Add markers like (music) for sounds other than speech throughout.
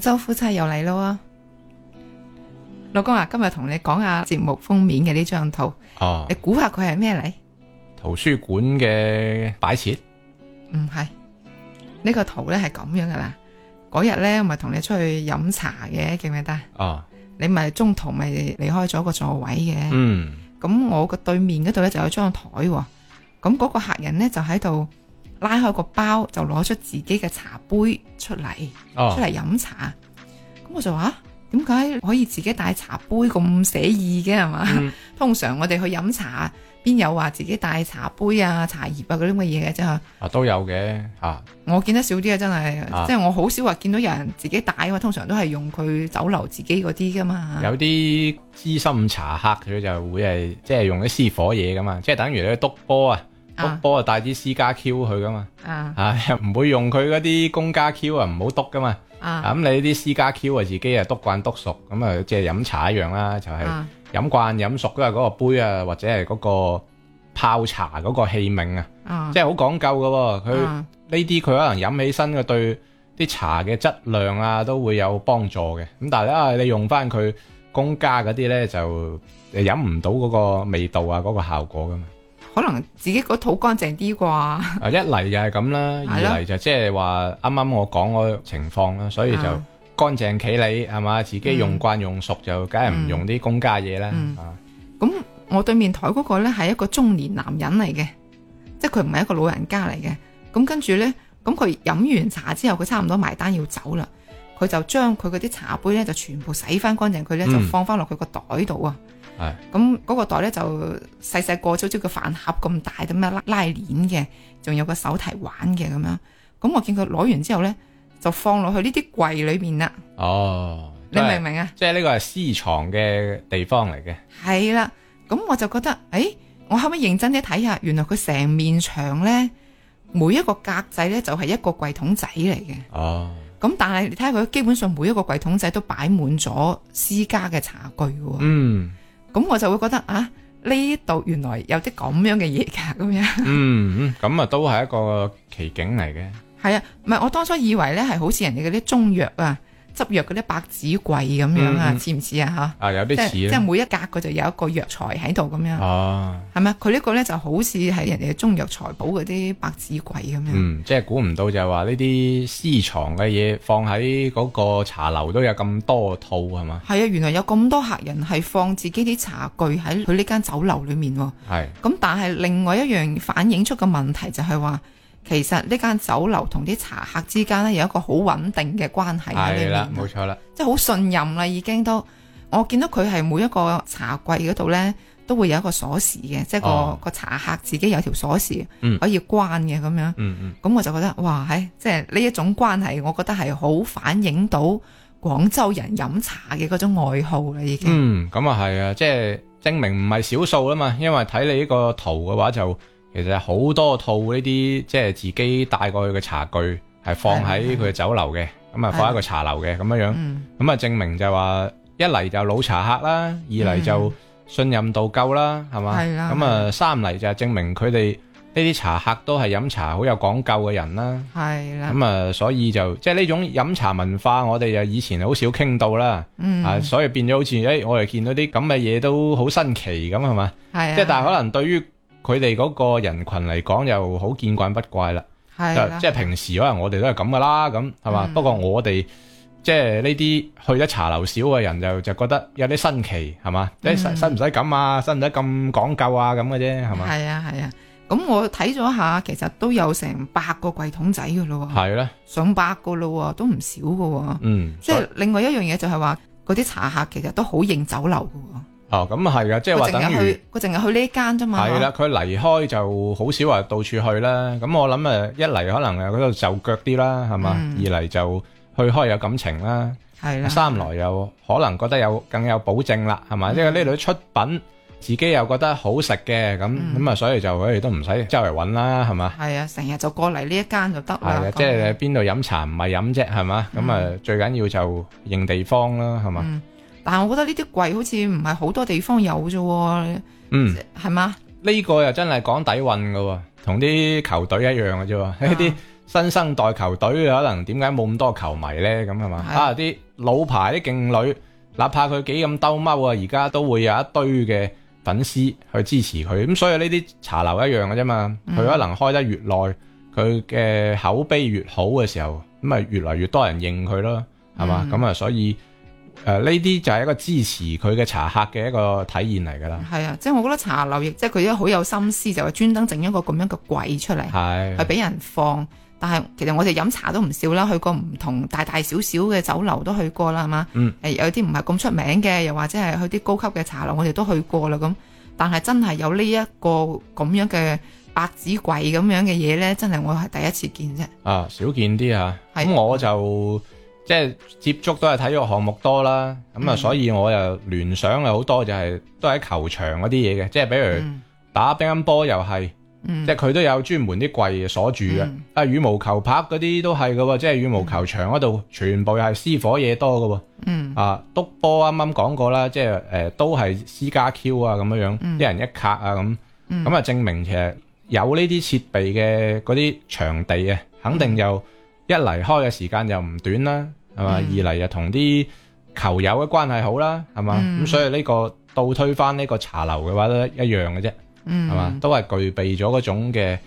周夫妻又嚟咯，老公啊，今日同你講下節目封面嘅呢張圖。哦、你估下佢係咩嚟？圖書館嘅擺設？唔係，呢、呢個圖咧係咁樣噶啦。嗰日咧，我咪同你出去飲茶嘅，記唔記得啊？哦、你咪中途咪離開咗個座位嘅。嗯。咁我個對面嗰度咧就有張台，咁嗰個客人咧就喺度。拉開個包就攞出自己嘅茶杯出嚟，哦、出嚟飲茶。咁我就話：點解可以自己帶茶杯咁寫意嘅係嘛？嗯、通常我哋去飲茶，邊有話自己帶茶杯啊、茶葉啊嗰啲咁嘅嘢嘅啫。啊，都有嘅吓。我見得少啲啊，真係，即係我好少話見到有人自己帶啊。通常都係用佢酒樓自己嗰啲噶嘛。有啲資深茶客佢就會係即係用啲私火嘢噶嘛，即係等於你督波啊。篤波啊，帶啲私家 Q 去噶嘛，啊，唔、啊、會用佢嗰啲公家 Q 啊，唔好篤噶嘛。咁你啲私家 Q 啊，自己啊篤慣篤熟，咁啊即係飲茶一樣啦，就係飲慣飲熟都嗰個杯啊，或者係嗰個泡茶嗰個器皿啊，啊即係好講究噶、啊。佢呢啲佢可能飲起身嘅對啲茶嘅質量啊都會有幫助嘅。咁但係咧、啊，你用翻佢公家嗰啲咧，就飲唔到嗰個味道啊，嗰、嗰個效果噶嘛。可能自己個肚乾淨啲啩？誒，一嚟 (laughs) 的就係咁啦，二嚟就即係話啱啱我講嗰情況啦，所以就乾淨企理係嘛，自己用慣用熟、嗯、就梗係唔用啲公家嘢啦。咁、嗯啊嗯、我對面台嗰個咧係一個中年男人嚟嘅，即係佢唔係一個老人家嚟嘅。咁跟住咧，咁佢飲完茶之後，佢差唔多埋單要走啦，佢就將佢嗰啲茶杯咧就全部洗翻乾淨，佢咧就放翻落佢個袋度啊。嗯係，咁嗰個袋咧就細細個，朝朝個飯盒咁大咁樣拉拉鏈嘅，仲有個手提玩嘅咁樣。咁我見佢攞完之後咧，就放落去呢啲櫃裏面啦。哦，就是、你明唔明啊？即係呢個係私藏嘅地方嚟嘅。係啦，咁我就覺得，誒、欸，我後尾認真啲睇下，原來佢成面牆咧，每一個格仔咧就係一個櫃桶仔嚟嘅。哦。咁但係你睇下佢，基本上每一個櫃桶仔都擺滿咗私家嘅茶具嘅。嗯。咁我就會覺得啊，呢度原來有啲咁樣嘅嘢噶，咁 (laughs) 樣、嗯。嗯嗯，咁啊都係一個奇景嚟嘅。係啊，唔係我當初以為咧，係好似人哋嗰啲中藥啊。執藥嗰啲百子櫃咁樣啊，似唔似啊？吓啊，有啲似。啊是。即係每一格佢就有一個藥材喺度咁樣。哦、啊，係咪？佢呢個咧就好似係人哋中藥財寶嗰啲百子櫃咁樣。嗯，即係估唔到就係話呢啲私藏嘅嘢放喺嗰個茶樓都有咁多套係嘛？係啊，原來有咁多客人係放自己啲茶具喺佢呢間酒樓裏面。係是。咁但係另外一樣反映出嘅問題就係話。其實呢間酒樓同啲茶客之間咧有一個好穩定嘅關係喺呢邊，冇錯啦，即係好信任啦，已經都。我見到佢係每一個茶櫃嗰度咧都會有一個鎖匙嘅，即係個個、哦、茶客自己有條鎖匙可以關嘅咁、嗯、樣。咁、嗯嗯、我就覺得，哇，喺、哎、即係呢一種關係，我覺得係好反映到廣州人飲茶嘅嗰種愛好啦，已經。嗯，咁啊係啊，即係證明唔係少數啊嘛，因為睇你呢個圖嘅話就。其實好多套呢啲即係自己帶過去嘅茶具，係放喺佢嘅酒樓嘅，咁啊、嗯、放喺個茶樓嘅咁樣、嗯嗯、樣，咁啊證明就話一嚟就老茶客啦，二嚟就信任度夠啦，係嘛、嗯，咁啊、嗯、三嚟就證明佢哋呢啲茶客都係飲茶好有講究嘅人啦，係啦，咁啊、嗯嗯、所以就即係呢種飲茶文化，我哋就以前好少傾到啦，嗯嗯、啊，所以變咗好似誒，我哋見到啲咁嘅嘢都好新奇咁，係嘛，即係但係可能對於。佢哋嗰個人群嚟講又好見慣不怪啦的，即係平時可能我哋都係咁噶啦，咁係嘛？嗯、不過我哋即係呢啲去得茶樓少嘅人就就覺得有啲新奇係嘛？即係使唔使咁啊，使唔使咁講究啊咁嘅啫係嘛？係啊係啊，咁我睇咗下，其實都有成百個櫃桶仔噶咯喎，係喇的，上百個咯喎，都唔少噶喎、啊，嗯，即係另外一樣嘢就係話嗰啲茶客其實都好認酒樓噶喎。哦，咁啊係啊，即係話等於佢淨係去呢一間啫嘛。係啦，佢離開就好少話到處去啦。咁我諗誒，一嚟可能啊度就腳啲啦，係嘛。二嚟就去開有感情啦。係啦。三來又可能覺得有更有保證啦，係嘛。即係呢度出品自己又覺得好食嘅，咁咁啊，所以就誒都唔使周圍揾啦，係嘛。係啊，成日就過嚟呢一間就得啦。係啦，即係你邊度飲茶唔係飲啫，係嘛。咁啊，最緊要就認地方啦，係嘛。但我覺得呢啲櫃好似唔係好多地方有啫，嗯，係嘛嗎？呢個又真係講底蘊噶，同啲球隊一樣嘅啫。呢啲、啊、新生代球隊可能點解冇咁多球迷咧？咁係嘛？啊，啲、啊、老牌啲勁女，哪怕佢幾咁兜踎啊，而家都會有一堆嘅粉絲去支持佢。咁所以呢啲茶樓一樣嘅啫嘛。佢、嗯、可能開得越耐，佢嘅口碑越好嘅時候，咁咪越嚟越多人認佢咯，係嘛？咁啊、嗯嗯、所以。誒，呢啲、呃、就係一個支持佢嘅茶客嘅一個體驗嚟噶啦。係啊，即係我覺得茶樓亦即係佢都好有心思，就係專登整一個咁樣嘅櫃出嚟，係的去俾人放。但係其實我哋飲茶都唔少啦，去過唔同大大小小嘅酒樓都去過啦，係嘛。嗯。誒、呃，有啲唔係咁出名嘅，又或者係去啲高級嘅茶樓，我哋都去過啦咁。但係真係有這這呢一個咁樣嘅百子櫃咁樣嘅嘢咧，真係我係第一次見啫。啊，少見啲啊，咁的我就。即係接觸都係體育項目多啦，咁啊，所以我又聯想有好多，就係都喺球場嗰啲嘢嘅，即係比如打乒乓波又係，嗯、即係佢都有專門啲櫃鎖住嘅。嗯、啊，羽毛球拍嗰啲都係㗎喎，即係羽毛球場嗰度全部又係私火嘢多㗎喎。嗯、啊，篤波啱啱講過啦，即係誒、呃、都係私家 Q 啊咁樣樣，嗯、一人一卡啊咁，咁啊、嗯嗯、證明其實有呢啲設備嘅嗰啲場地啊，肯定又、嗯。一嚟開嘅時間又唔短啦，係嘛？嗯、二嚟又同啲球友嘅關係好啦，係嘛？咁、嗯嗯、所以呢個倒推翻呢個茶樓嘅話都一樣嘅啫，係嘛？嗯、都係具備咗嗰種嘅，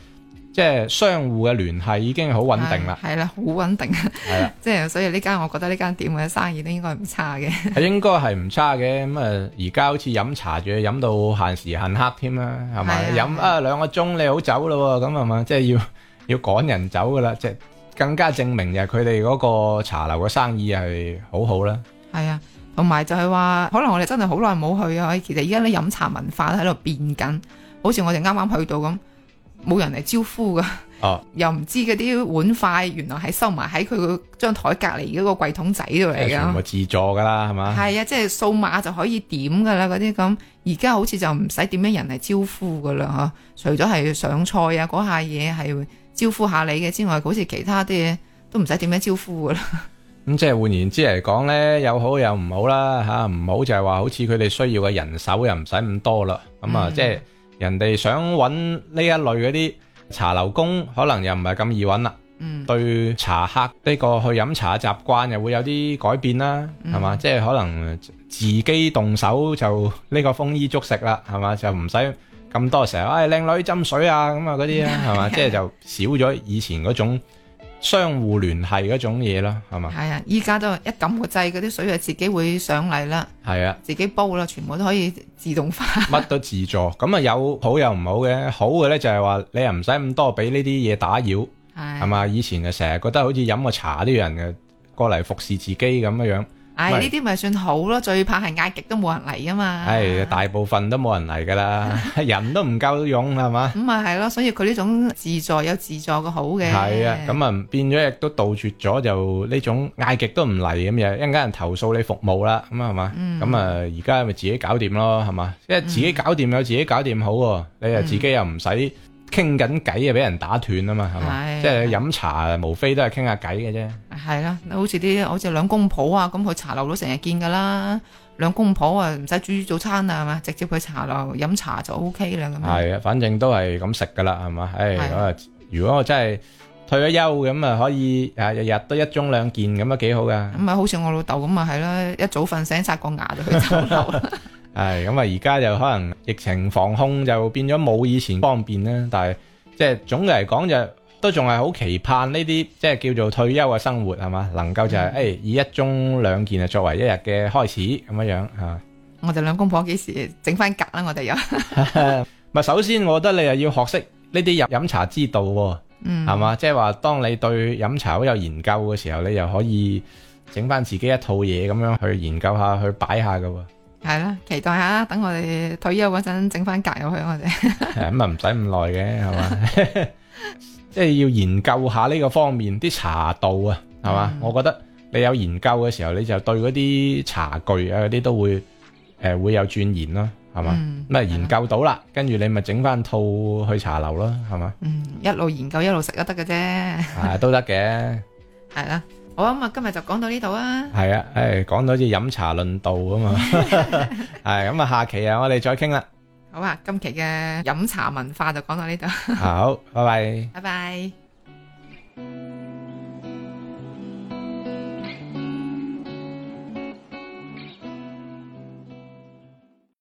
即係相互嘅聯繫已經好穩定啦，係啦、哎，好穩定，係即係所以呢間，我覺得呢間店嘅生意都應該唔差嘅，係 (laughs) 應該係唔差嘅。咁啊，而家好似飲茶仲要飲到限時限刻添啦，係嘛？飲的的啊兩個鐘你好走咯，咁係嘛？即係要要趕人走噶啦，即係。更加證明就係佢哋嗰個茶樓嘅生意係好好啦。係啊，同埋就係話，可能我哋真係好耐冇去啊。其實而家啲飲茶文化喺度變緊，好似我哋啱啱去到咁，冇人嚟招呼噶。哦，又唔知嗰啲碗筷原來係收埋喺佢個張台隔離嗰個櫃桶仔度嚟噶。全部自助噶啦，係嘛？係啊，即係數碼就可以點噶啦，嗰啲咁。而家好似就唔使點樣人嚟招呼噶啦嚇，除咗係上菜啊嗰下嘢係，招呼下你嘅之外，好似其他啲嘢都唔使點樣招呼噶啦。咁、嗯、即係換言之嚟講咧，有好有唔好啦嚇。唔、啊、好就係話好似佢哋需要嘅人手又唔使咁多啦。咁、嗯、啊，即係人哋想揾呢一類嗰啲茶樓工，可能又唔係咁易揾啦。嗯、對茶客呢個去飲茶嘅習慣又會有啲改變啦，係嘛、嗯？即係可能自己動手就呢個豐衣足食啦，係嘛？就唔使。咁多成日，哎，靚女斟水啊，咁啊嗰啲啊，係嘛， (laughs) 即、就、係、是、就少咗以前嗰種相互聯繫嗰種嘢啦，係嘛。係啊，依家都一撳個掣，嗰啲水啊自己會上嚟啦。係啊，自己煲啦，全部都可以自動化。乜 (laughs) 都自助，咁啊有好有唔好嘅，好嘅咧就係話你又唔使咁多俾呢啲嘢打擾，係嘛， (laughs) 以前就成日覺得好似飲個茶啲人嘅過嚟服侍自己咁樣樣。唉，呢啲咪算好咯，唉最怕係嗌極都冇人嚟啊嘛。係大部分都冇人嚟噶啦， (laughs) 人都唔夠用係嘛。咁啊係咯，所以佢呢種自助有自助嘅好嘅。係啊，咁啊變咗亦都杜絕咗就呢種嗌極都唔嚟咁樣，一陣間人投訴你服務啦，咁、嗯、啊係嘛，咁啊而家咪自己搞掂咯，係嘛，因為自己搞掂有自己搞掂好、啊，你又自己又唔使、嗯。傾緊偈啊，俾人打斷啊嘛，係咪？即係飲茶，無非都係傾下偈嘅啫。係、啊啊、啦，好似啲好似兩公婆啊，咁去茶樓都成日見噶啦。兩公婆啊，唔使煮早餐啊，係嘛，直接去茶樓飲茶就 O K 啦。咁係啊，反正都係咁食噶啦，係嘛。唉、哎，我、啊、如果我真係退咗休咁啊，可以啊日日都一盅兩件咁啊，幾好噶。咁啊，好似我老豆咁啊，係啦，一早瞓醒刷個牙就去茶樓。 (laughs) 係咁啊！而家、哎、就可能疫情防控就變咗冇以前方便啦。但係即係總嘅嚟講就都仲係好期盼呢啲即係叫做退休嘅生活係嘛，能夠就係、是、誒、哎、以一盅兩件啊作為一日嘅開始咁樣樣吓。我哋兩公婆幾時整翻格啦？我哋又咪首先，我覺得你又要學識呢啲飲茶之道，係嘛？嗯、即係話當你對飲茶好有研究嘅時候，你又可以整翻自己一套嘢，咁樣去研究下去擺下噶。係啦，期待下，等我哋退休嗰陣整翻格入去，我哋咁咪唔使咁耐嘅，係嘛、 (laughs) 嗯？即係要研究下呢個方面，啲茶道啊，係嘛？我覺得你有研究嘅時候，你就對嗰啲茶具啊嗰啲都會誒會有鑽研咯，係嘛？咁咪研究到啦，跟住你咪整翻套去茶樓咯，係嘛？嗯，一路研究一路食都得嘅啫，係、嗯嗯嗯、都得嘅，係啦。好、嗯、啊，今日就講到呢度啊。係啊，誒，講到好似飲茶論道啊嘛。係， (laughs) (laughs) 咁、嗯、啊，下期啊，我哋再傾啦。好啊，今期嘅飲茶文化就講到呢度。 (laughs) 好，拜拜。拜拜。